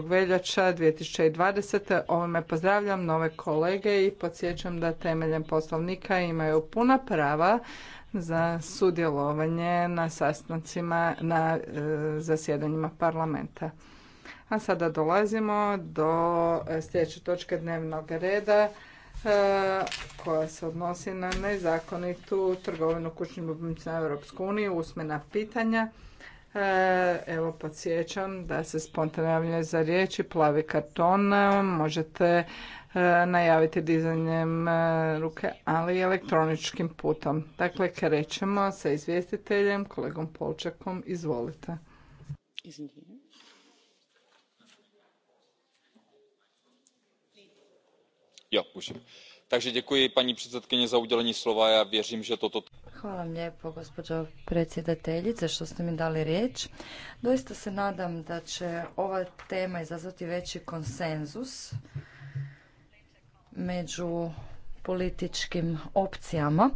veljača 2020. Ovime pozdravljam nove kolege i podsjećam da temeljem poslovnika imaju puna prava za sudjelovanje na sastancima na e, zasjedanjima parlamenta. A sada dolazimo do e, sljedeće točke dnevnog reda e, koja se odnosi na nezakonitu trgovinu kućnim ljubimcima Europsku uniju, usmena pitanja. E, evo, podsjećam da se spontane javljaju za riječi, plavi karton, e, možete e, najaviti dizanjem ruke, ali i elektroničkim putom. Dakle, krećemo sa izvjestiteljem, kolegom Polčakom, izvolite. Ja, Takže děkuji paní předsedkyně za udělení slova. Já věřím, že toto... Hvala vam lijepo, gospođo predsjedateljice, što ste mi dali riječ. Doista se nadam da će ova tema izazvati veći konsenzus među političkim opcijama.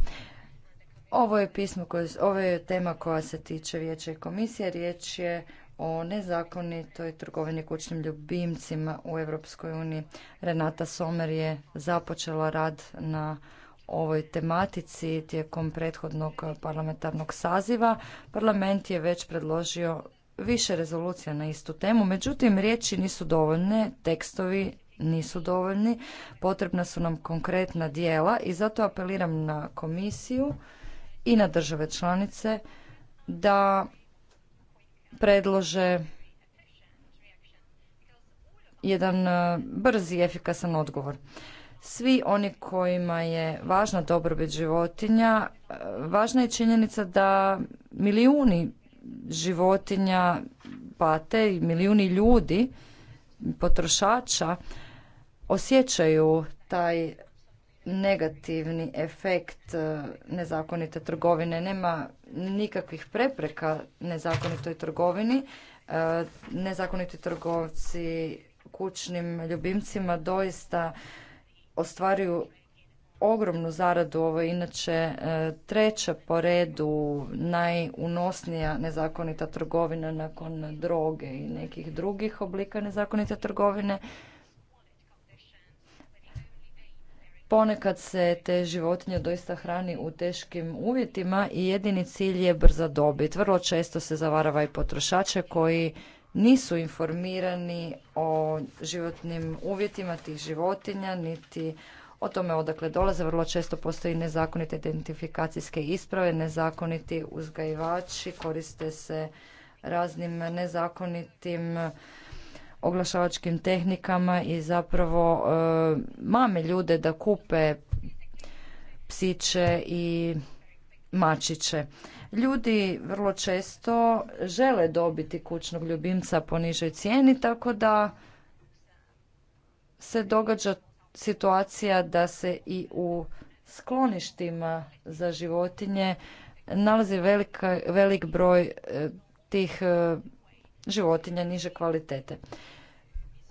Ovo je pismo koje, ovo je tema koja se tiče vijeća i komisije. Riječ je o nezakonitoj trgovini kućnim ljubimcima u Europskoj uniji. Renata Somer je započela rad na ovoj tematici tijekom prethodnog parlamentarnog saziva. Parlament je već predložio više rezolucija na istu temu, međutim riječi nisu dovoljne, tekstovi nisu dovoljni, potrebna su nam konkretna dijela i zato apeliram na komisiju i na države članice da predlože jedan eh, brzi i efikasan odgovor. Svi oni kojima je važna dobrobit životinja, e, važna je činjenica da milijuni životinja pate i milijuni ljudi, potrošača, osjećaju taj negativni efekt e, nezakonite trgovine. Nema nikakvih prepreka nezakonitoj trgovini. E, nezakoniti trgovci kućnim ljubimcima doista ostvaruju ogromnu zaradu, ovo je inače e, treća po redu najunosnija nezakonita trgovina nakon droge i nekih drugih oblika nezakonite trgovine. Ponekad se te životinje doista hrani u teškim uvjetima i jedini cilj je brza dobit. Vrlo često se zavarava i potrošače koji nisu informirani o životnim uvjetima tih životinja, niti o tome odakle dolaze. Vrlo često postoji nezakonite identifikacijske isprave, nezakoniti uzgajivači, koriste se raznim nezakonitim oglašavačkim tehnikama i zapravo e, mame ljude da kupe psiće i mačiće. Ljudi vrlo često žele dobiti kućnog ljubimca po nižoj cijeni, tako da se događa situacija da se i u skloništima za životinje nalazi velik broj e, tih e, životinja niže kvalitete.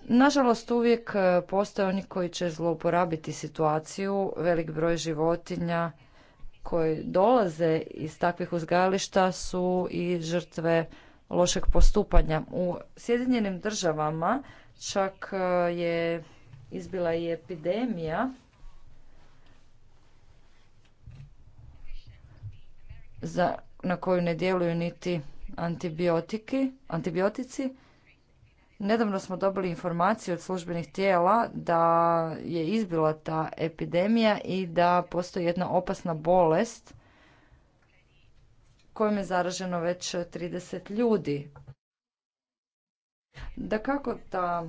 Nažalost, uvijek e, postoje oni koji će zlouporabiti situaciju, velik broj životinja koji dolaze iz takvih uzgajališta su i žrtve lošeg postupanja. U Sjedinjenim državama čak e, je izbila i epidemija za, na koju ne djeluju niti antibiotici Nedavno smo dobili informaciju od službenih tijela da je izbila ta epidemija i da postoji jedna opasna bolest kojom je zaraženo već 30 ljudi. Da kako ta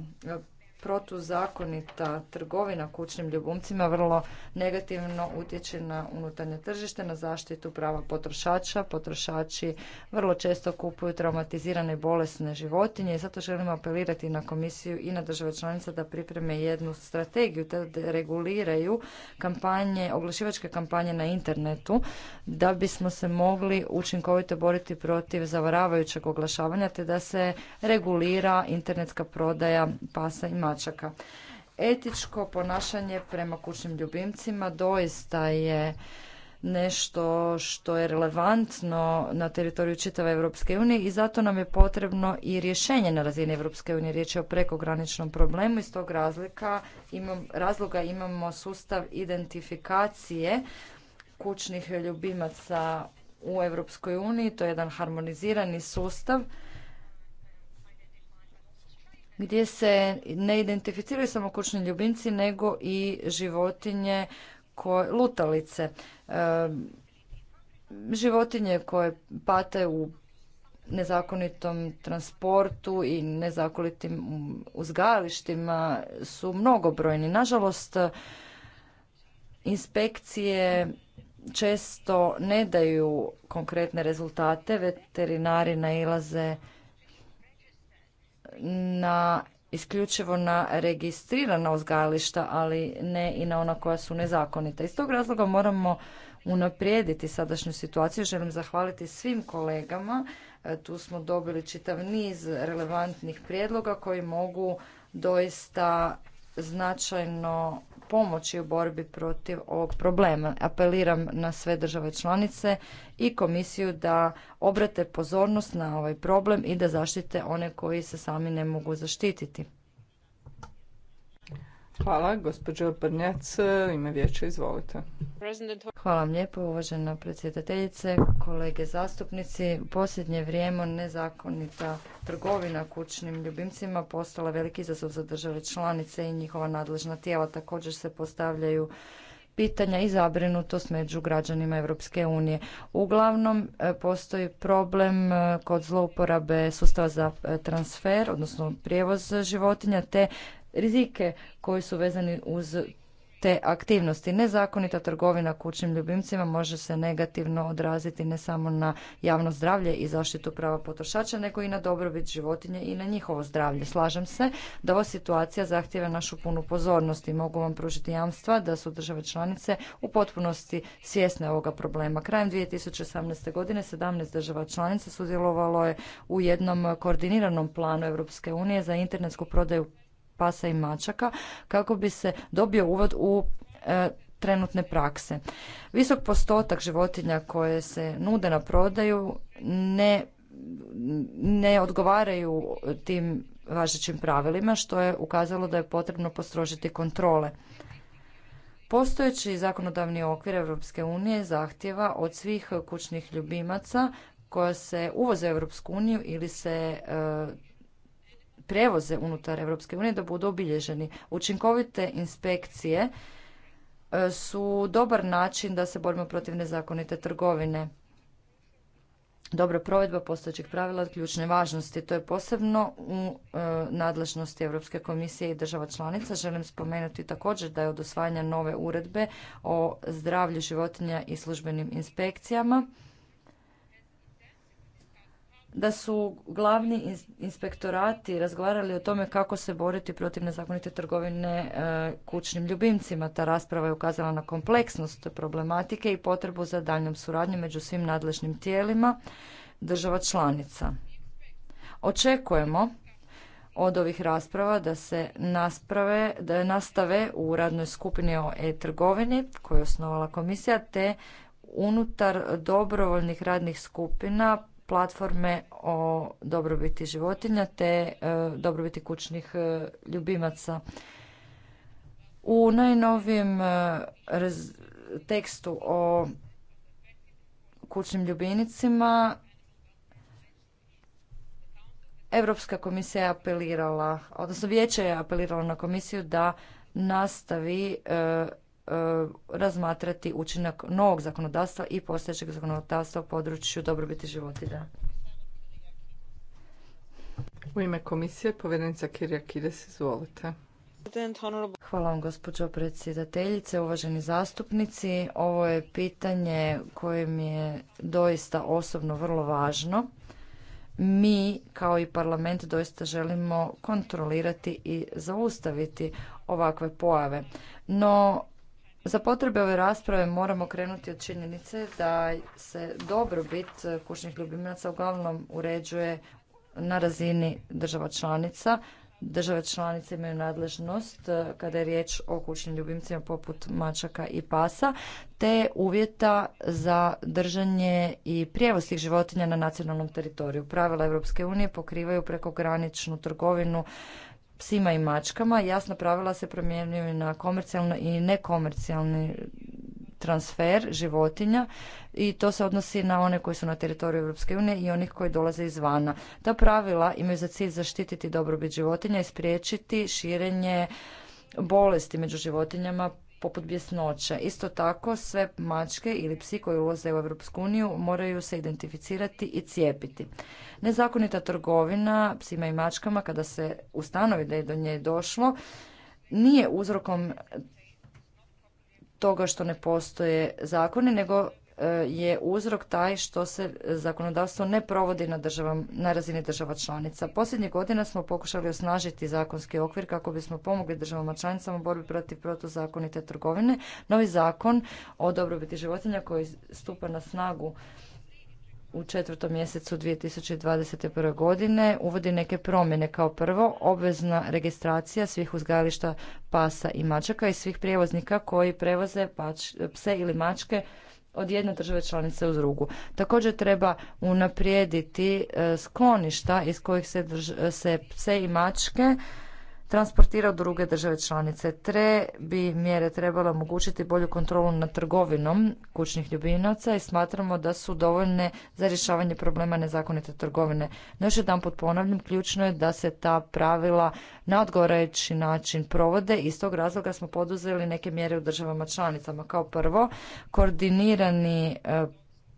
protuzakonita trgovina kućnim ljubimcima vrlo negativno utječe na unutarnje tržište, na zaštitu prava potrošača. Potrošači vrlo često kupuju traumatizirane bolesne životinje i zato želimo apelirati na komisiju i na države članice da pripreme jednu strategiju te da reguliraju kampanje, oglašivačke kampanje na internetu da bismo se mogli učinkovito boriti protiv zavaravajućeg oglašavanja te da se regulira internetska prodaja pasa i mali. Etičko ponašanje prema kućnim ljubimcima doista je nešto što je relevantno na teritoriju čitave Europske unije i zato nam je potrebno i rješenje na razini Europske unije. Riječ je o prekograničnom problemu iz tog razlika imam, razloga imamo sustav identifikacije kućnih ljubimaca u Europskoj uniji. To je jedan harmonizirani sustav gdje se ne identificiraju samo kućni ljubimci nego i životinje koje, lutalice, životinje koje pate u nezakonitom transportu i nezakonitim uzgajalištima su mnogobrojni. Nažalost, inspekcije često ne daju konkretne rezultate, veterinari nailaze na isključivo na registrirana uzgajališta, ali ne i na ona koja su nezakonita. Iz tog razloga moramo unaprijediti sadašnju situaciju. Želim zahvaliti svim kolegama. E, tu smo dobili čitav niz relevantnih prijedloga koji mogu doista značajno pomoći u borbi protiv ovog problema. Apeliram na sve države članice i komisiju da obrate pozornost na ovaj problem i da zaštite one koji se sami ne mogu zaštititi. Hvala, gospođo Brnjac, ime vijeća, izvolite. Hvala vam lijepo, uvažena predsjedateljice, kolege zastupnici. U posljednje vrijeme nezakonita trgovina kućnim ljubimcima postala veliki izazov za države članice i njihova nadležna tijela. Također se postavljaju pitanja i zabrinutost među građanima Europske unije. Uglavnom e, postoji problem e, kod zlouporabe sustava za e, transfer, odnosno prijevoz životinja, te rizike koji su vezani uz te aktivnosti. Nezakonita trgovina kućnim ljubimcima može se negativno odraziti ne samo na javno zdravlje i zaštitu prava potrošača, nego i na dobrobit životinje i na njihovo zdravlje. Slažem se da ova situacija zahtjeva našu punu pozornost i mogu vam pružiti jamstva da su države članice u potpunosti svjesne ovoga problema. Krajem 2018. godine 17 država članica sudjelovalo je u jednom koordiniranom planu Europske unije za internetsku prodaju pasa i mačaka kako bi se dobio uvod u e, trenutne prakse. Visok postotak životinja koje se nude na prodaju ne, ne odgovaraju tim važećim pravilima što je ukazalo da je potrebno postrožiti kontrole. Postojeći zakonodavni okvir Europske unije zahtjeva od svih kućnih ljubimaca koja se uvoze u Europsku uniju ili se e, prevoze unutar Europske unije da budu obilježeni. Učinkovite inspekcije e, su dobar način da se borimo protiv nezakonite trgovine. Dobra provedba postojećih pravila od ključne važnosti. To je posebno u e, nadležnosti Europske komisije i država članica. Želim spomenuti također da je od osvajanja nove uredbe o zdravlju životinja i službenim inspekcijama da su glavni inspektorati razgovarali o tome kako se boriti protiv nezakonite trgovine e, kućnim ljubimcima. Ta rasprava je ukazala na kompleksnost problematike i potrebu za daljnjom suradnjom među svim nadležnim tijelima država članica. Očekujemo od ovih rasprava da se nasprave, da nastave u radnoj skupini o e-trgovini koju je osnovala komisija te unutar dobrovoljnih radnih skupina platforme o dobrobiti životinja te e, dobrobiti kućnih e, ljubimaca. U najnovijem e, tekstu o kućnim ljubinicima Europska komisija je apelirala, odnosno vijeće je apeliralo na komisiju da nastavi E, razmatrati učinak novog zakonodavstva i postojećeg zakonodavstva u području dobrobiti životinja. U ime komisije povjerenica Kirja izvolite. Hvala vam gospođo predsjedateljice, uvaženi zastupnici. Ovo je pitanje koje mi je doista osobno vrlo važno. Mi kao i parlament doista želimo kontrolirati i zaustaviti ovakve pojave. No za potrebe ove rasprave moramo krenuti od činjenice da se dobrobit kućnih ljubimaca uglavnom uređuje na razini država članica. Države članice imaju nadležnost eh, kada je riječ o kućnim ljubimcima poput mačaka i pasa, te uvjeta za držanje i prijevoz tih životinja na nacionalnom teritoriju. Pravila Europske unije pokrivaju prekograničnu trgovinu psima i mačkama. Jasna pravila se promjenjuju na komercijalni i nekomercijalni transfer životinja i to se odnosi na one koji su na teritoriju Europske unije i onih koji dolaze izvana. Ta pravila imaju za cilj zaštititi dobrobit životinja i spriječiti širenje bolesti među životinjama poput bjesnoća. Isto tako, sve mačke ili psi koji ulaze u Europsku uniju moraju se identificirati i cijepiti. Nezakonita trgovina psima i mačkama, kada se ustanovi da je do nje došlo, nije uzrokom toga što ne postoje zakoni, nego E, je uzrok taj što se zakonodavstvo ne provodi na, na razini država članica. Posljednjih godina smo pokušali osnažiti zakonski okvir kako bismo pomogli državama članicama u borbi protiv protuzakonite trgovine. Novi zakon o dobrobiti životinja koji stupa na snagu u četvrtom mjesecu 2021. godine uvodi neke promjene kao prvo obvezna registracija svih uzgajališta pasa i mačaka i svih prijevoznika koji prevoze pse ili mačke od jedne države članice u drugu. Također treba unaprijediti e, skloništa iz kojih se e, pse i mačke transportira u druge države članice. Tre bi mjere trebale omogućiti bolju kontrolu nad trgovinom kućnih ljubimaca i smatramo da su dovoljne za rješavanje problema nezakonite trgovine. No još jedanput ponavljam, ključno je da se ta pravila na odgovarajući način provode. Iz tog razloga smo poduzeli neke mjere u državama članicama. Kao prvo, koordinirani e,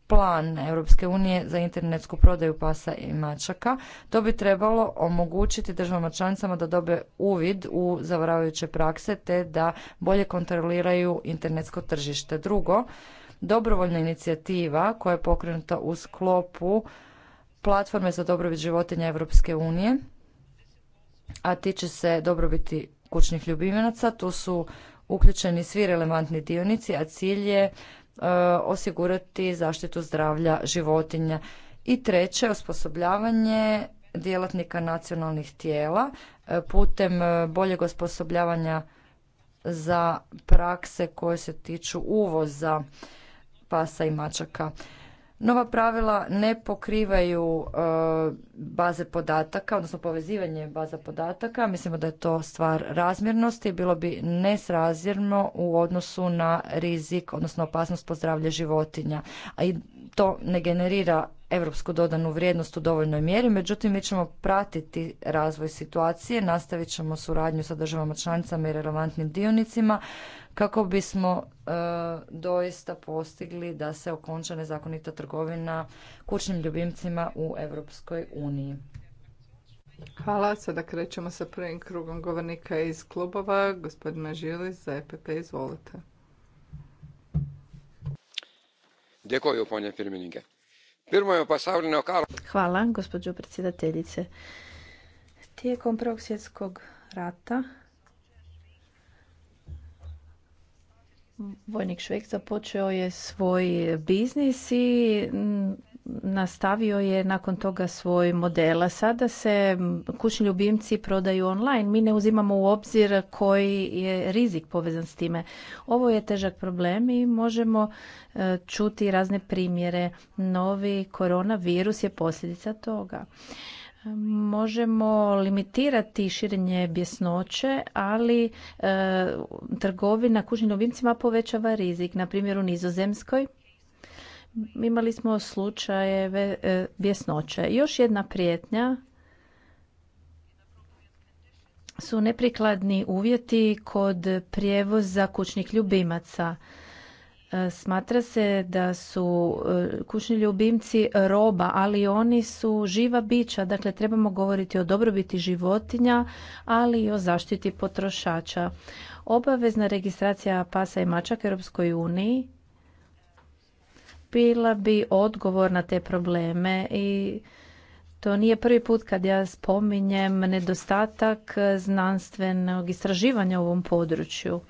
plan Europske unije za internetsku prodaju pasa i mačaka. To bi trebalo omogućiti državama članicama da dobe uvid u zavaravajuće prakse te da bolje kontroliraju internetsko tržište. Drugo, dobrovoljna inicijativa koja je pokrenuta u sklopu platforme za dobrobit životinja Europske unije, a tiče se dobrobiti kućnih ljubimaca. Tu su uključeni svi relevantni dionici, a cilj je E, osigurati zaštitu zdravlja životinja. I treće, osposobljavanje djelatnika nacionalnih tijela e, putem e, boljeg osposobljavanja za prakse koje se tiču uvoza pasa i mačaka. Nova pravila ne pokrivaju e, baze podataka, odnosno povezivanje baza podataka. Mislimo da je to stvar razmjernosti. Bilo bi nesrazmjerno u odnosu na rizik, odnosno opasnost po životinja. A i to ne generira europsku dodanu vrijednost u dovoljnoj mjeri, međutim mi ćemo pratiti razvoj situacije, nastavit ćemo suradnju sa državama članicama i relevantnim dionicima kako bismo e, doista postigli da se okonča nezakonita trgovina kućnim ljubimcima u Europskoj uniji. Hvala, sada krećemo sa prvim krugom govornika iz klubova. Gospodin Žili za EPP, izvolite. Hvala, gospođo predsjedateljice. Tijekom Prvog svjetskog rata vojnik Švek započeo je svoj biznis i nastavio je nakon toga svoj model. A sada se kućni ljubimci prodaju online. Mi ne uzimamo u obzir koji je rizik povezan s time. Ovo je težak problem i možemo e, čuti razne primjere. Novi koronavirus je posljedica toga. Možemo limitirati širenje bjesnoće, ali e, trgovina kućnim ljubimcima povećava rizik. Na primjer u Nizozemskoj imali smo slučajeve e, bjesnoće. Još jedna prijetnja su neprikladni uvjeti kod prijevoza kućnih ljubimaca. E, smatra se da su e, kućni ljubimci roba, ali oni su živa bića, dakle trebamo govoriti o dobrobiti životinja, ali i o zaštiti potrošača. Obavezna registracija pasa i mačaka Europskoj uniji bila bi odgovor na te probleme i to nije prvi put kad ja spominjem nedostatak znanstvenog istraživanja u ovom području.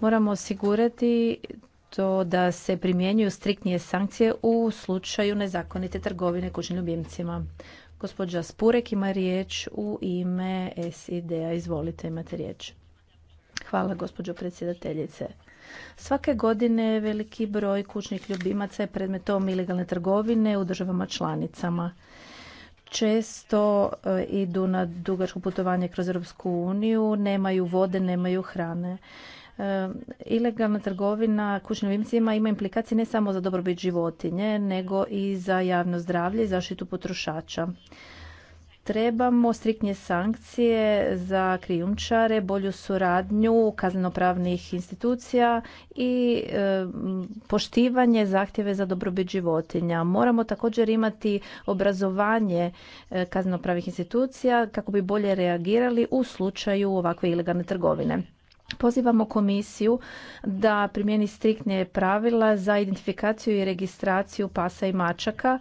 Moramo osigurati to da se primjenjuju striktnije sankcije u slučaju nezakonite trgovine kućnim ljubimcima. Gospođa Spurek ima riječ u ime SID-a. Izvolite, imate riječ. Hvala, gospođo predsjedateljice. Svake godine veliki broj kućnih ljubimaca je predmetom ilegalne trgovine u državama članicama često eh, idu na dugačko putovanje kroz Europsku uniju, nemaju vode, nemaju hrane. Eh, ilegalna trgovina kućnim ljubimcima ima implikacije ne samo za dobrobit životinje, nego i za javno zdravlje i zaštitu potrošača. Trebamo striktnije sankcije za krijumčare, bolju suradnju kaznenopravnih institucija i e, poštivanje zahtjeve za dobrobit životinja. Moramo također imati obrazovanje e, kaznenopravnih institucija kako bi bolje reagirali u slučaju ovakve ilegalne trgovine. Pozivamo komisiju da primjeni striktnije pravila za identifikaciju i registraciju pasa i mačaka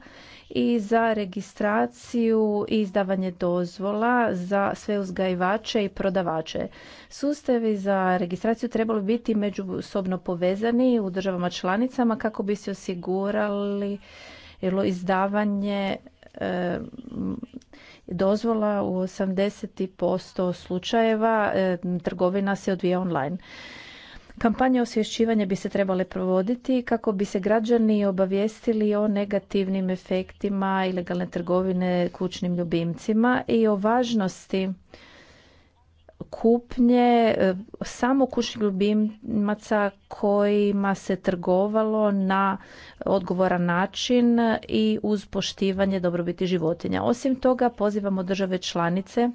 i za registraciju i izdavanje dozvola za sve uzgajivače i prodavače. Sustavi za registraciju trebali biti međusobno povezani u državama članicama kako bi se osigurali izdavanje e, dozvola u 80% slučajeva e, trgovina se odvija online. Kampanje osvješćivanja bi se trebale provoditi kako bi se građani obavijestili o negativnim efektima ilegalne trgovine kućnim ljubimcima i o važnosti kupnje e, samo kućnih ljubimaca kojima se trgovalo na odgovoran način i uz poštivanje dobrobiti životinja. Osim toga pozivamo države članice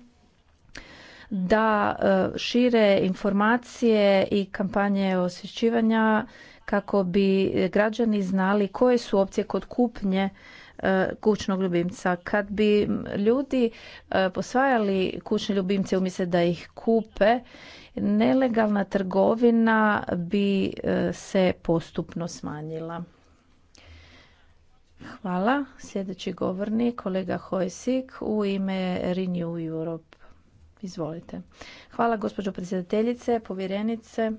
da e, šire informacije i kampanje osvješćivanja kako bi građani znali koje su opcije kod kupnje e, kućnog ljubimca. Kad bi ljudi e, posvajali kućne ljubimce umjesto da ih kupe, nelegalna trgovina bi se postupno smanjila. Hvala. Sljedeći govornik, kolega Hojsik, u ime Renew Europe. Izvolite. Hvala gospođo predsjedateljice, povjerenice.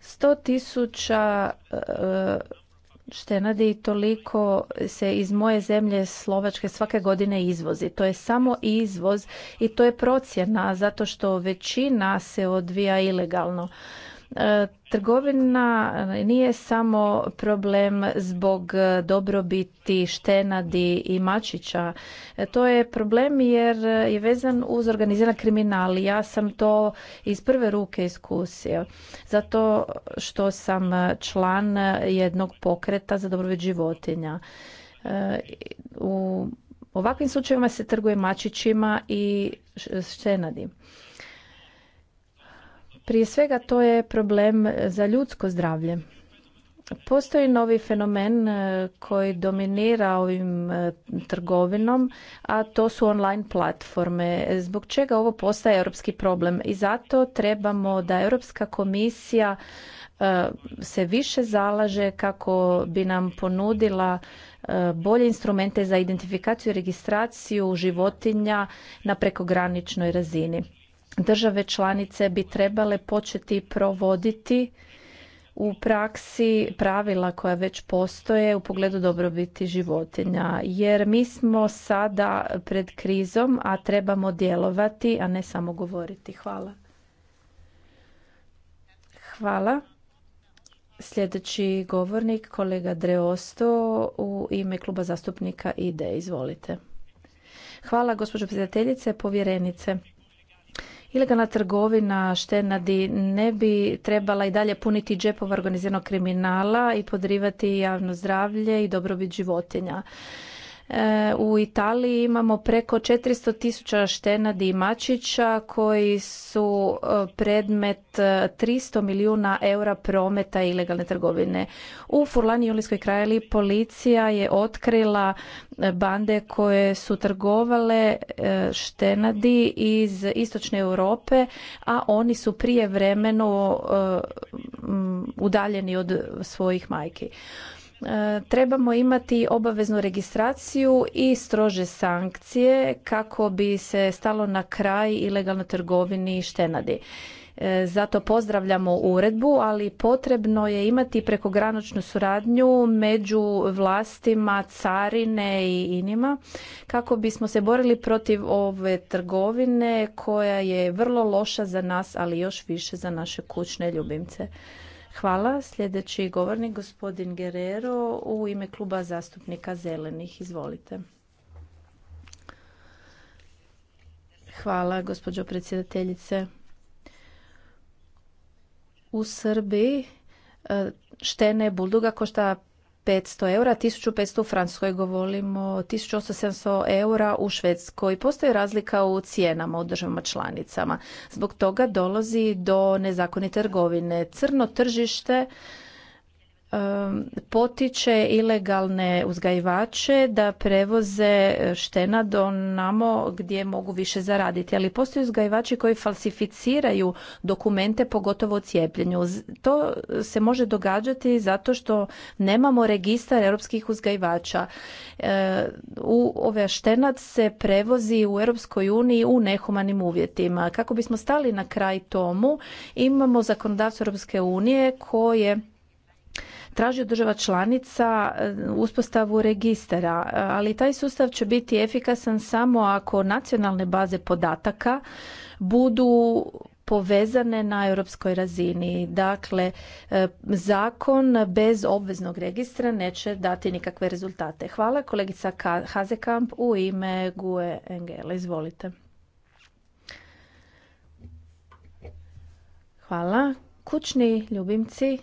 Sto tisuća e, štenadi i toliko se iz moje zemlje Slovačke svake godine izvozi. To je samo izvoz i to je procjena zato što većina se odvija ilegalno. E, trgovina nije samo problem zbog dobrobiti štenadi i mačića. E, to je problem jer je vezan uz organiziran kriminal. Ja sam to iz prve ruke iskusio. Zato što sam član jednog pokreta za dobrobit životinja. E, u ovakvim slučajevima se trguje mačićima i štenadi. Prije svega to je problem za ljudsko zdravlje. Postoji novi fenomen e, koji dominira ovim e, trgovinom, a to su online platforme. Zbog čega ovo postaje europski problem? I zato trebamo da Europska komisija e, se više zalaže kako bi nam ponudila bolje instrumente za identifikaciju i registraciju životinja na prekograničnoj razini države članice bi trebale početi provoditi u praksi pravila koja već postoje u pogledu dobrobiti životinja jer mi smo sada pred krizom a trebamo djelovati a ne samo govoriti hvala hvala sljedeći govornik kolega Dreosto u ime kluba zastupnika ide izvolite hvala gospođo predsjedateljice povjerenice Ilegalna trgovina štenadi ne bi trebala i dalje puniti džepova organiziranog kriminala i podrivati javno zdravlje i dobrobit životinja. E, u Italiji imamo preko 400 tisuća i mačića koji su e, predmet 300 e, milijuna eura prometa ilegalne trgovine. U Furlani i Julijskoj krajeli policija je otkrila bande koje su trgovale štenadi iz istočne Europe, a oni su prijevremeno udaljeni od svojih majki. E, trebamo imati obaveznu registraciju i strože sankcije kako bi se stalo na kraj ilegalnoj trgovini štenadi. E, zato pozdravljamo uredbu, ali potrebno je imati prekograničnu suradnju među vlastima carine i inima kako bismo se borili protiv ove trgovine koja je vrlo loša za nas, ali još više za naše kućne ljubimce. Hvala. Sljedeći govornik, gospodin Guerrero, u ime kluba zastupnika Zelenih. Izvolite. Hvala, gospođo predsjedateljice. U Srbiji e, štene bulduga košta 500 eura, 1500 u Francuskoj govorimo, 1800 eura u Švedskoj. Postoji razlika u cijenama u državama članicama. Zbog toga dolazi do nezakonite trgovine. Crno tržište Um, potiče ilegalne uzgajivače da prevoze štenad namo gdje mogu više zaraditi. Ali postoje uzgajivači koji falsificiraju dokumente, pogotovo o cijepljenju. To se može događati zato što nemamo registar europskih uzgajivača. E, u ove štenad se prevozi u Europskoj uniji u nehumanim uvjetima. Kako bismo stali na kraj tomu, imamo zakonodavstvo Europske unije koje traži od država članica eh, uspostavu registara, eh, ali taj sustav će biti efikasan samo ako nacionalne baze podataka budu povezane na europskoj razini. Dakle, eh, zakon bez obveznog registra neće dati nikakve rezultate. Hvala kolegica Hazekamp u ime Gue Engela. Izvolite. Hvala. Kućni ljubimci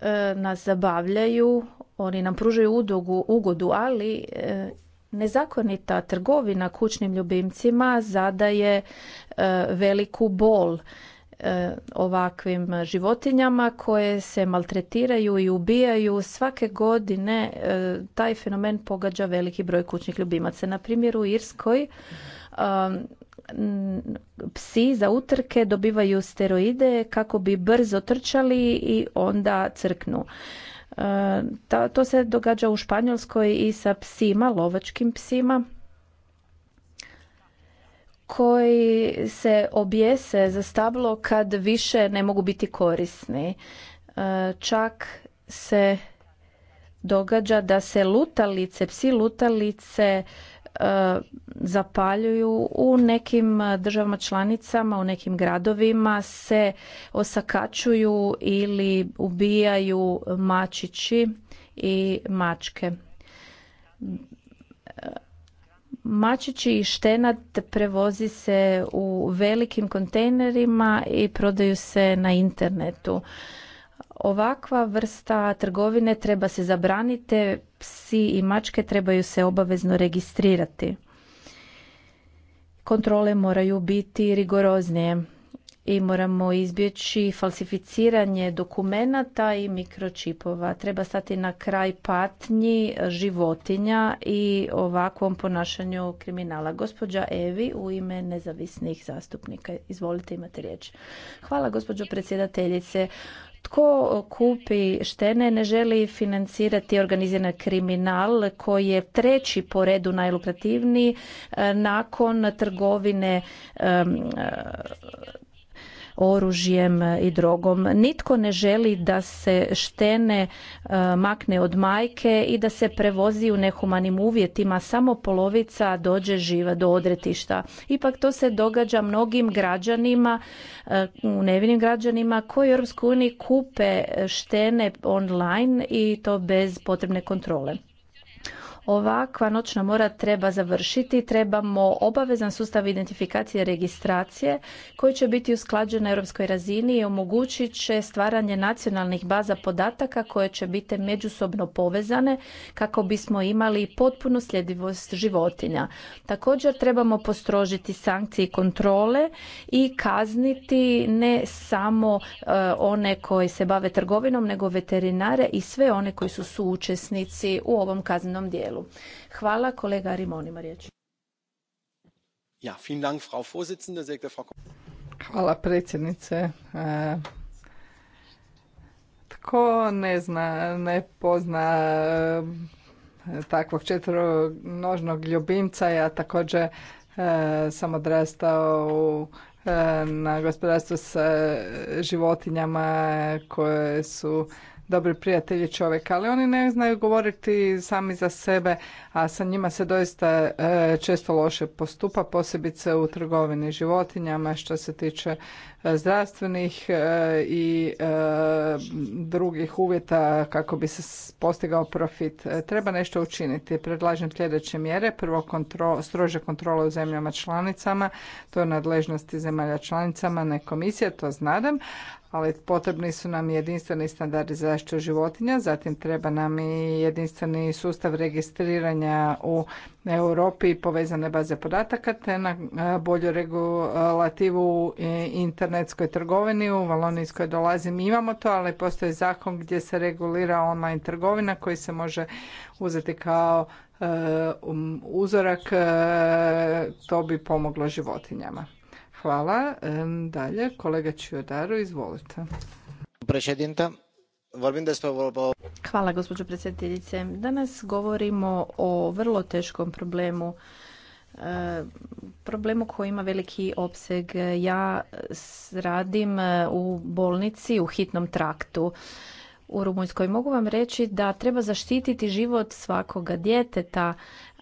E, nas zabavljaju, oni nam pružaju udogu, ugodu, ali e, nezakonita trgovina kućnim ljubimcima zadaje e, veliku bol ovakvim životinjama koje se maltretiraju i ubijaju svake godine taj fenomen pogađa veliki broj kućnih ljubimaca. Na primjer u Irskoj psi za utrke dobivaju steroide kako bi brzo trčali i onda crknu. E, to se događa u Španjolskoj i sa psima, lovačkim psima koji se objese za stablo kad više ne mogu biti korisni. E, čak se događa da se lutalice, psi lutalice E, zapaljuju. U nekim državama članicama, u nekim gradovima se osakačuju ili ubijaju mačići i mačke. Mačići i štenad prevozi se u velikim kontejnerima i prodaju se na internetu. Ovakva vrsta trgovine treba se zabraniti psi i mačke trebaju se obavezno registrirati. Kontrole moraju biti rigoroznije i moramo izbjeći falsificiranje dokumenata i mikročipova. Treba stati na kraj patnji životinja i ovakvom ponašanju kriminala. Gospođa Evi u ime nezavisnih zastupnika. Izvolite, imate riječ. Hvala gospođo predsjedateljice. Tko kupi štene ne želi financirati organizirani kriminal koji je treći po redu najlukrativniji eh, nakon trgovine oružjem i drogom. Nitko ne želi da se štene e, makne od majke i da se prevozi u nehumanim uvjetima. Samo polovica dođe živa do odretišta. Ipak to se događa mnogim građanima, e, nevinim građanima koji u EU kupe štene online i to bez potrebne kontrole. Ovakva noćna mora treba završiti, trebamo obavezan sustav identifikacije i registracije koji će biti usklađen na europskoj razini i omogućit će stvaranje nacionalnih baza podataka koje će biti međusobno povezane kako bismo imali potpunu sljedivost životinja. Također trebamo postrožiti sankcije i kontrole i kazniti ne samo e, one koji se bave trgovinom nego veterinare i sve one koji su suučesnici u ovom kaznenom dijelu. Hvala kolega ima riječ. Ja, vielen Dank, Frau Vorsitzende, sehr Frau Hvala predsjednice. E, tko ne zna, ne pozna e, takvog četvronožnog ljubimca, ja također e, sam odrastao na gospodarstvo sa životinjama koje su dobri prijatelji čovjeka, ali oni ne znaju govoriti sami za sebe, a sa njima se doista e, često loše postupa, posebice u trgovini životinjama što se tiče e, zdravstvenih e, i drugih uvjeta kako bi se postigao profit. Treba nešto učiniti. Predlažem sljedeće mjere. Prvo, strože kontrole u zemljama članicama. To je nadležnosti zemalja članicama, ne komisije, to znadem ali potrebni su nam jedinstveni standardi zaštitu životinja, zatim treba nam i jedinstveni sustav registriranja u Europi i povezane baze podataka, te na e, bolju regulativu u e, internetskoj trgovini. U Valoniji iz koje dolazim imamo to, ali postoji zakon gdje se regulira online trgovina koji se može uzeti kao e, um, uzorak, to bi pomoglo životinjama. Hvala. Dalje, kolega Čiodaru, izvolite. Prešedinta, Hvala, gospođo predsjedateljice. Danas govorimo o vrlo teškom problemu eh, problemu koji ima veliki opseg. Ja radim eh, u bolnici u hitnom traktu u Rumunjskoj. Mogu vam reći da treba zaštititi život svakoga djeteta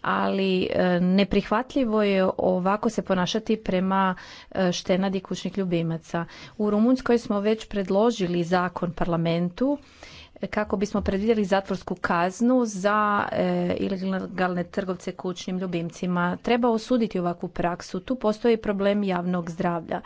ali e, neprihvatljivo je ovako se ponašati prema e, štenadi kućnih ljubimaca. U Rumunjskoj smo već predložili zakon parlamentu kako bismo predvidjeli zatvorsku kaznu za e, ilegalne trgovce kućnim ljubimcima. Treba osuditi ovakvu praksu. Tu postoji problem javnog zdravlja.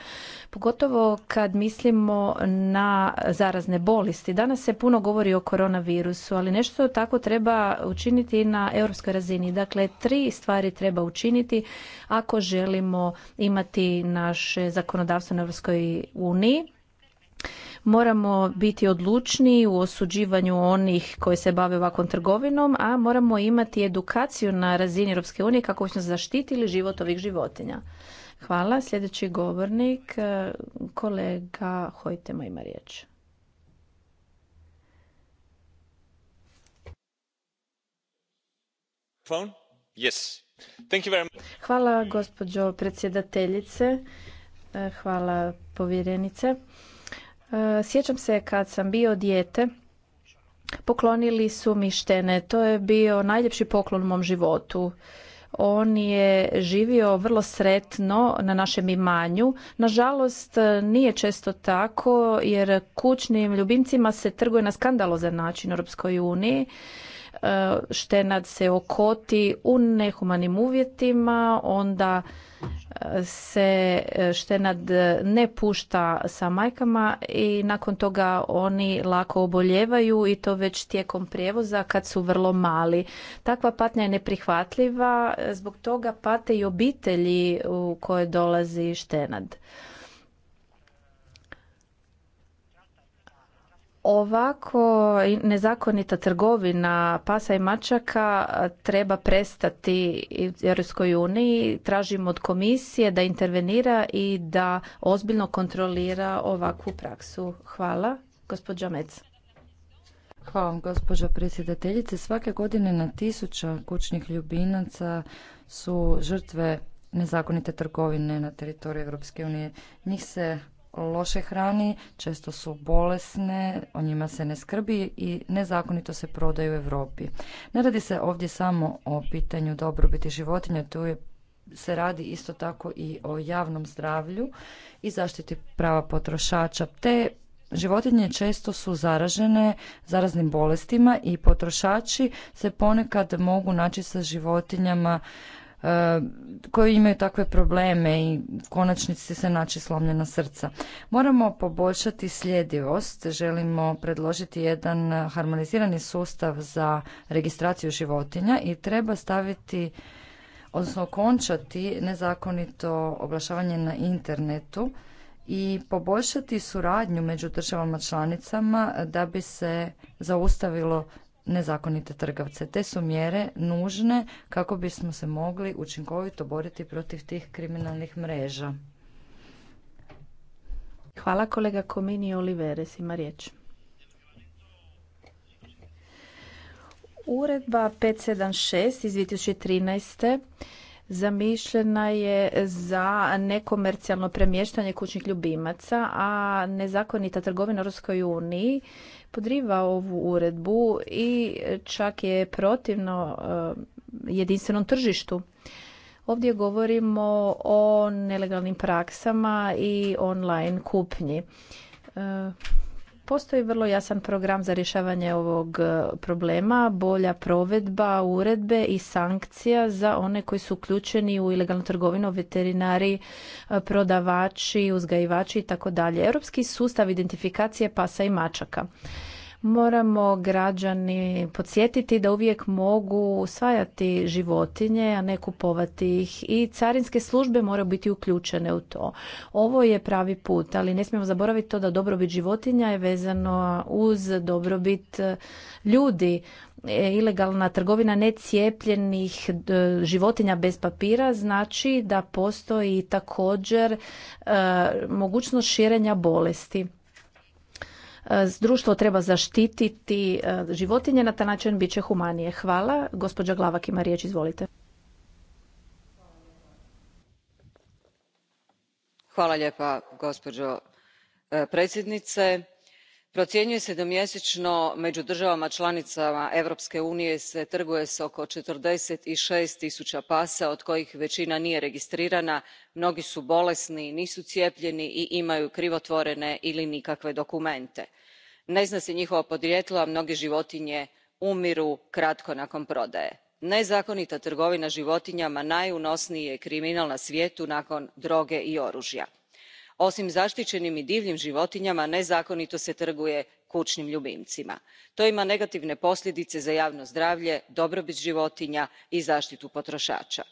Pogotovo kad mislimo na zarazne bolesti. Danas se puno govori o koronavirusu, ali nešto tako treba učiniti na europskoj razini. Dakle, tri stvari treba učiniti ako želimo imati naše zakonodavstvo na Europskoj uniji Moramo biti odlučni u osuđivanju onih koji se bave ovakvom trgovinom, a moramo imati edukaciju na razini Europske unije kako bismo zaštitili život ovih životinja. Hvala. Sljedeći govornik, e, kolega Hojtema ima riječ. Hvala gospođo predsjedateljice, e, hvala povjerenice. E, sjećam se kad sam bio dijete, poklonili su mi štene. To je bio najljepši poklon u mom životu. On je živio vrlo sretno na našem imanju. Nažalost, nije često tako jer kućnim ljubimcima se trguje na skandalozan način u Europskoj uniji E, štenad se okoti u nehumanim uvjetima, onda e, se e, štenad ne pušta sa majkama i nakon toga oni lako oboljevaju i to već tijekom prijevoza kad su vrlo mali. Takva patnja je neprihvatljiva, zbog toga pate i obitelji u koje dolazi štenad. Ovako nezakonita trgovina pasa i mačaka treba prestati u Europskoj uniji. Tražimo od komisije da intervenira i da ozbiljno kontrolira ovakvu praksu. Hvala. Gospođa Mec. Hvala vam, gospođo predsjedateljice. Svake godine na tisuća kućnih ljubimaca su žrtve nezakonite trgovine na teritoriju Europske unije. Njih se loše hrani, često su bolesne, o njima se ne skrbi i nezakonito se prodaju u Europi. Ne radi se ovdje samo o pitanju dobrobiti životinja, tu je se radi isto tako i o javnom zdravlju i zaštiti prava potrošača. Te životinje često su zaražene zaraznim bolestima i potrošači se ponekad mogu naći sa životinjama E, koji imaju takve probleme i konačnici se naći slomljena srca. Moramo poboljšati sljedivost, želimo predložiti jedan harmonizirani sustav za registraciju životinja i treba staviti odnosno končati nezakonito oglašavanje na internetu i poboljšati suradnju među državama članicama da bi se zaustavilo nezakonite trgavce. Te su mjere nužne kako bismo se mogli učinkovito boriti protiv tih kriminalnih mreža. Hvala kolega Komini Oliveres, ima riječ. Uredba 576 iz 2013 zamišljena je za nekomercijalno premještanje kućnih ljubimaca, a nezakonita trgovina u Europskoj uniji podriva ovu uredbu i čak je protivno eh, jedinstvenom tržištu. Ovdje govorimo o nelegalnim praksama i online kupnji. Eh, Postoji vrlo jasan program za rješavanje ovog e, problema, bolja provedba uredbe i sankcija za one koji su uključeni u ilegalnu trgovinu, veterinari, e, prodavači, uzgajivači i tako dalje. Europski sustav identifikacije pasa i mačaka moramo građani podsjetiti da uvijek mogu usvajati životinje, a ne kupovati ih i carinske službe moraju biti uključene u to. Ovo je pravi put, ali ne smijemo zaboraviti to da dobrobit životinja je vezano uz dobrobit e, ljudi e, ilegalna trgovina necijepljenih e, životinja bez papira znači da postoji također mogućnost širenja bolesti. E, društvo treba zaštititi e, životinje, na taj način bit će humanije. Hvala. Gospođa Glavak ima riječ, izvolite. Hvala lijepa, gospođo e, predsjednice procjenjuje se da mjesečno među državama članicama europske unije se trguje s oko četrdeset šest tisuća pasa od kojih većina nije registrirana mnogi su bolesni nisu cijepljeni i imaju krivotvorene ili nikakve dokumente. ne zna se njihovo podrijetlo a mnoge životinje umiru kratko nakon prodaje. nezakonita trgovina životinjama najunosniji je kriminal na svijetu nakon droge i oružja osim zaštićenim i divljim životinjama, nezakonito se trguje kućnim ljubimcima. to ima negativne posljedice za javno zdravlje dobrobit životinja i zaštitu potrošača.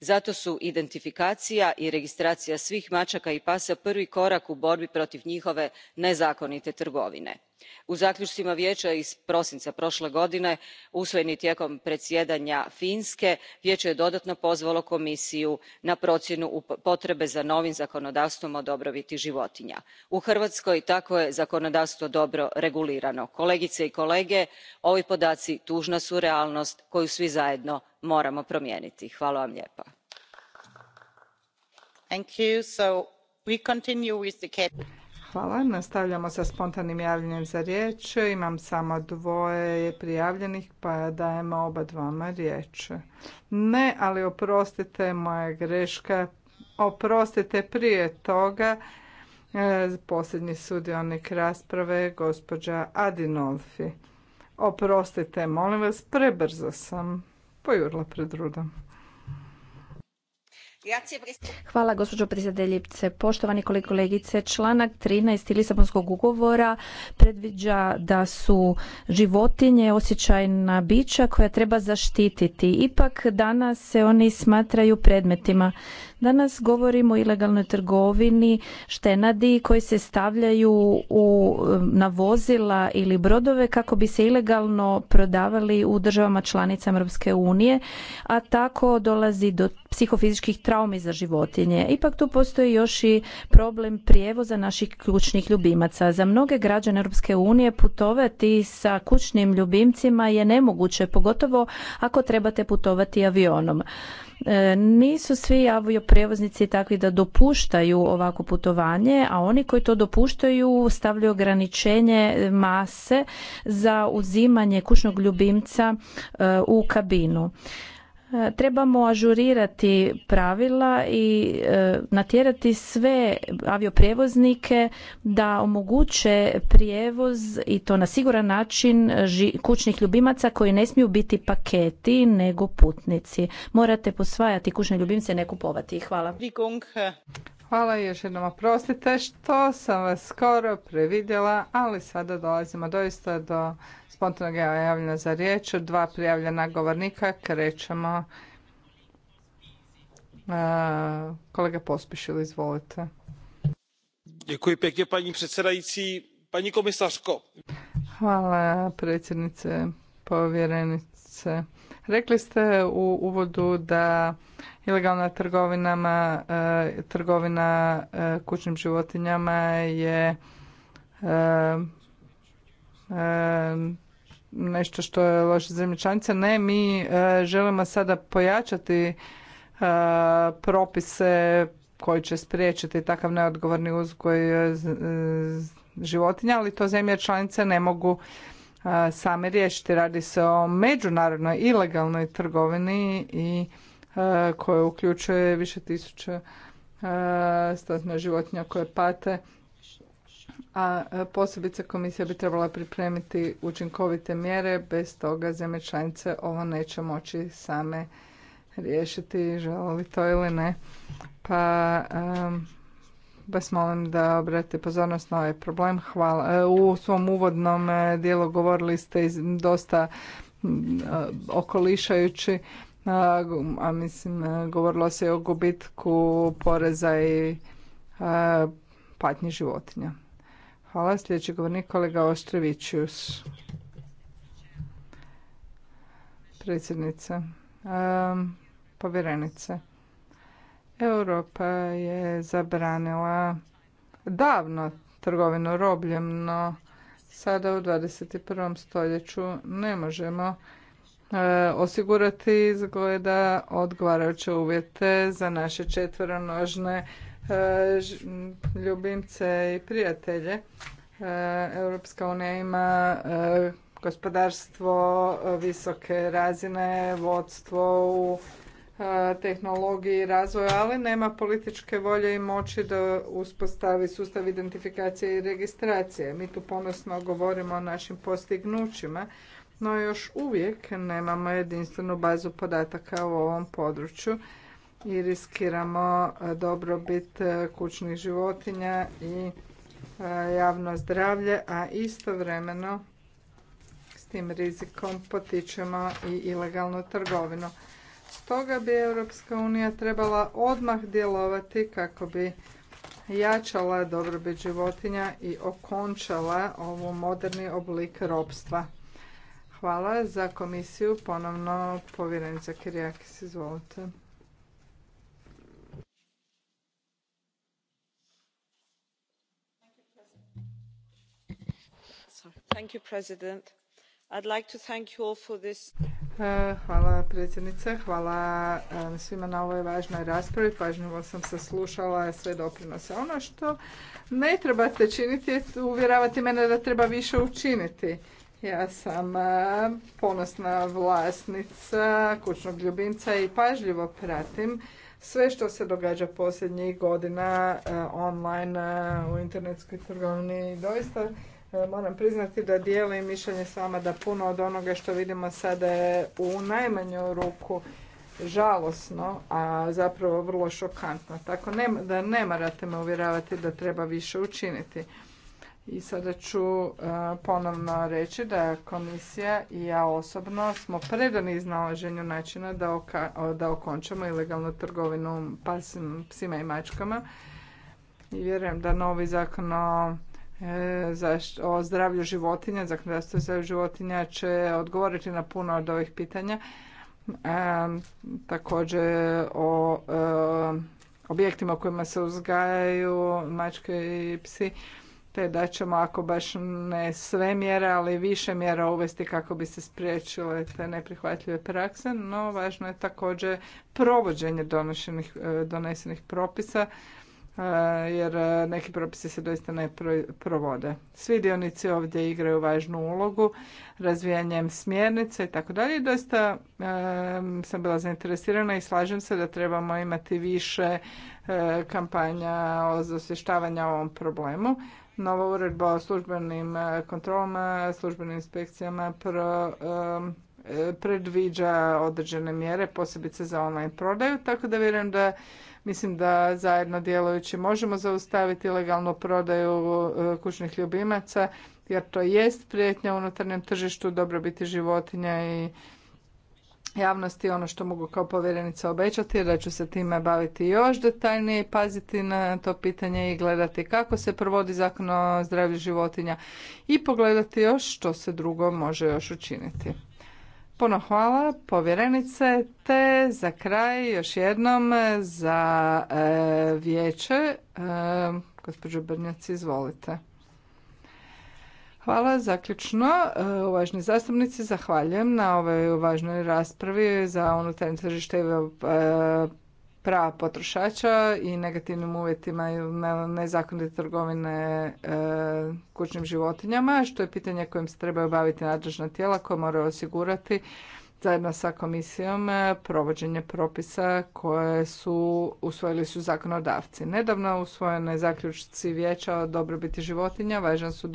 zato su identifikacija i registracija svih mačaka i pasa prvi korak u borbi protiv njihove nezakonite trgovine u zakljucima vijea iz prosinca prole godine usvojeni tijekom predsjedanja finske vijee je dodatno pozvalo komisiju na procjenu potrebe za novim zakonodavstvom o dobrobiti životinja. u hrvatskoj takvo je zakonodavstvo dobro regulirano. kolegice i kolege ovi podaci tuna su realnost koju svi zajedno moramo promijeniti. hvala vam lijepa. Hvala. Nastavljamo sa spontanim javljanjem za riječ. Imam samo dvoje prijavljenih, pa dajemo oba dvama riječ. Ne, ali oprostite, moja greška. Oprostite, prije toga e, posljednji sudionik rasprave, gospođa Adinolfi. Oprostite, molim vas, prebrzo sam. Pojurla pred rudom. Hvala gospođo predsjedeljice. Poštovani kolege kolegice, članak 13. Lisabonskog ugovora predviđa da su životinje osjećajna bića koja treba zaštititi. Ipak danas se oni smatraju predmetima. Danas govorimo o ilegalnoj trgovini, štenadi koji se stavljaju u, na vozila ili brodove kako bi se ilegalno prodavali u državama članicama Europske unije, a tako dolazi do psihofizičkih traumi za životinje. Ipak tu postoji još i problem prijevoza naših ključnih ljubimaca. Za mnoge građane Europske unije putovati sa kućnim ljubimcima je nemoguće, pogotovo ako trebate putovati avionom. E, nisu svi prevoznici takvi da dopuštaju ovako putovanje, a oni koji to dopuštaju stavljaju ograničenje mase za uzimanje kućnog ljubimca e, u kabinu. E, trebamo ažurirati pravila i e, natjerati sve avioprijevoznike da omoguće prijevoz i to na siguran način kućnih ljubimaca koji ne smiju biti paketi nego putnici. Morate posvajati kućne ljubimce i ne kupovati ih. Hvala. Hvala i još jednom oprostite što sam vas skoro previdjela, ali sada dolazimo doista do spontanog javljanja za riječ, dva prijavljena govornika, krećemo. E, kolega Pospišil, izvolite. Děkuji pěkně, paní předsedající. Paní komisařko. Hvala, predsjednice, povjerenice. Rekli ste u uvodu da ilegalna trgovinama, trgovina e, e, kućnim životinjama je nešto što je loše zemlje članice. Ne, mi e, želimo sada pojačati e, propise koji će spriječiti takav neodgovorni uzgoj e, životinja, ali to zemlje članice ne mogu same riješiti. Radi se o međunarodnoj ilegalnoj trgovini i koja uključuje više tisuća statna životinja koje pate a e, posebice komisija bi trebala pripremiti učinkovite mjere, bez toga zemlje članice ovo neće moći same riješiti, žele li to ili ne. Pa vas molim da obratite pozornost na ovaj problem. Hvala. E, u svom uvodnom e, dijelu govorili ste dosta okolišajući, a mislim govorilo se i o gubitku poreza i patnji životinja. Hvala. Sljedeći govornik kolega Oštrevićius. Predsjednica. povjerenice. Europa je zabranila davno trgovinu robljem, no sada u 21. stoljeću ne možemo E, osigurati izgleda odgovarajuće uvjete za naše četveronožne e, ljubimce i prijatelje. E, Europska unija ima gospodarstvo visoke razine, vodstvo u tehnologiji i razvoju, ali nema političke volje i moći da uspostavi sustav identifikacije i registracije. Mi tu ponosno govorimo o našim postignućima, no još uvijek nemamo jedinstvenu bazu podataka u ovom području i riskiramo e, dobrobit e, kućnih životinja i e, javno zdravlje, a istovremeno s tim rizikom potičemo i ilegalnu trgovinu. Stoga bi Europska unija trebala odmah djelovati kako bi jačala dobrobit životinja i okončala ovu moderni oblik ropstva. Hvala za komisiju. Ponovno povjerenica Kirijakis, izvolite. Thank you, President. Eh, hvala predsjednice, hvala eh, svima na ovoj važnoj raspravi, pažljivo sam saslušala sve doprinose. Ono što ne trebate činiti je uvjeravati mene da treba više učiniti. Ja sam e, ponosna vlasnica kućnog ljubimca i pažljivo pratim sve što se događa posljednjih godina e, online e, u internetskoj trgovini. Doista moram priznati da dijelim mišljenje s vama da puno od onoga što vidimo sada je u najmanju ruku žalosno, a zapravo vrlo šokantno. Tako da ne morate me uvjeravati da treba više učiniti. I sada ću e, ponovno reći da komisija i ja osobno smo predani iznalaženju načina da, okončamo ilegalnu trgovinu psima i mačkama. I vjerujem da novi zakon o, e, zdravlju životinja, zakonodavstvo o životinja će odgovoriti na puno od ovih pitanja. E, također o objektima kojima se uzgajaju mačke i psi te da ćemo ako baš ne sve mjere, ali više mjera uvesti kako bi se spriječile te neprihvatljive prakse, no važno je također provođenje e, donesenih propisa e, jer e, neki propisi se doista ne provode. Svi dionici ovdje igraju važnu ulogu razvijanjem smjernice i tako dalje. doista sam bila zainteresirana i slažem se da trebamo imati više kampanja o osvještavanja o ovom problemu nova uredba o službenim e, kontrolama, e, službenim inspekcijama pro, e, predviđa određene mjere, posebice za online prodaju, tako da vjerujem da mislim da zajedno djelujući možemo zaustaviti legalnu prodaju kućnih ljubimaca, jer to jest prijetnja unutarnjem tržištu, dobrobiti životinja i javnosti ono što mogu kao povjerenica obećati je da ću se time baviti još detaljnije i paziti na to pitanje i gledati kako se provodi zakon o zdravlju životinja i pogledati još što se drugo može još učiniti. Puno hvala povjerenice te za kraj još jednom za e, vijeće. E, gospođo Brnjac, izvolite. Hvala. Zaključno, e, uvaženi zastupnici, zahvaljujem na ovoj važnoj raspravi za unutarnje tržište i e, prava potrošača i negativnim uvjetima nezakonite trgovine e, kućnim životinjama, što je pitanje kojim se trebaju baviti nadležna tijela koja moraju osigurati zajedno sa komisijom e, provođenje propisa koje su usvojili su zakonodavci. Nedavno usvojene zaključci vijeća o dobrobiti životinja važan su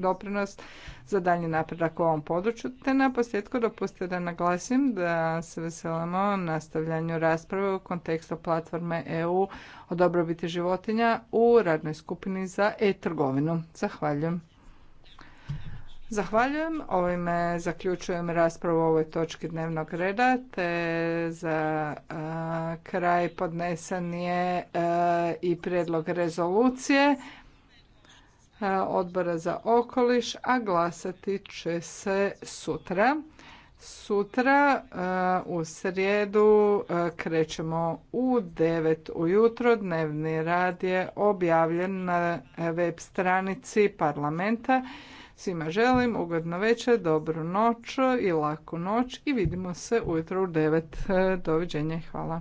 doprinos za daljnji napredak u ovom području, te na posljedku dopustite da naglasim da se veselimo nastavljanju rasprave u kontekstu platforme EU o dobrobiti životinja u radnoj skupini za e-trgovinu. Zahvaljujem. Zahvaljujem. Ovime zaključujem raspravu o ovoj točki dnevnog reda, te za kraj podnesen je i prijedlog rezolucije odbora za okoliš, a glasati će se sutra. Sutra u srijedu krećemo u 9 ujutro. Dnevni rad je objavljen na web stranici parlamenta. Svima želim ugodno večer, dobru noć i laku noć i vidimo se ujutro u 9. E, doviđenja hvala.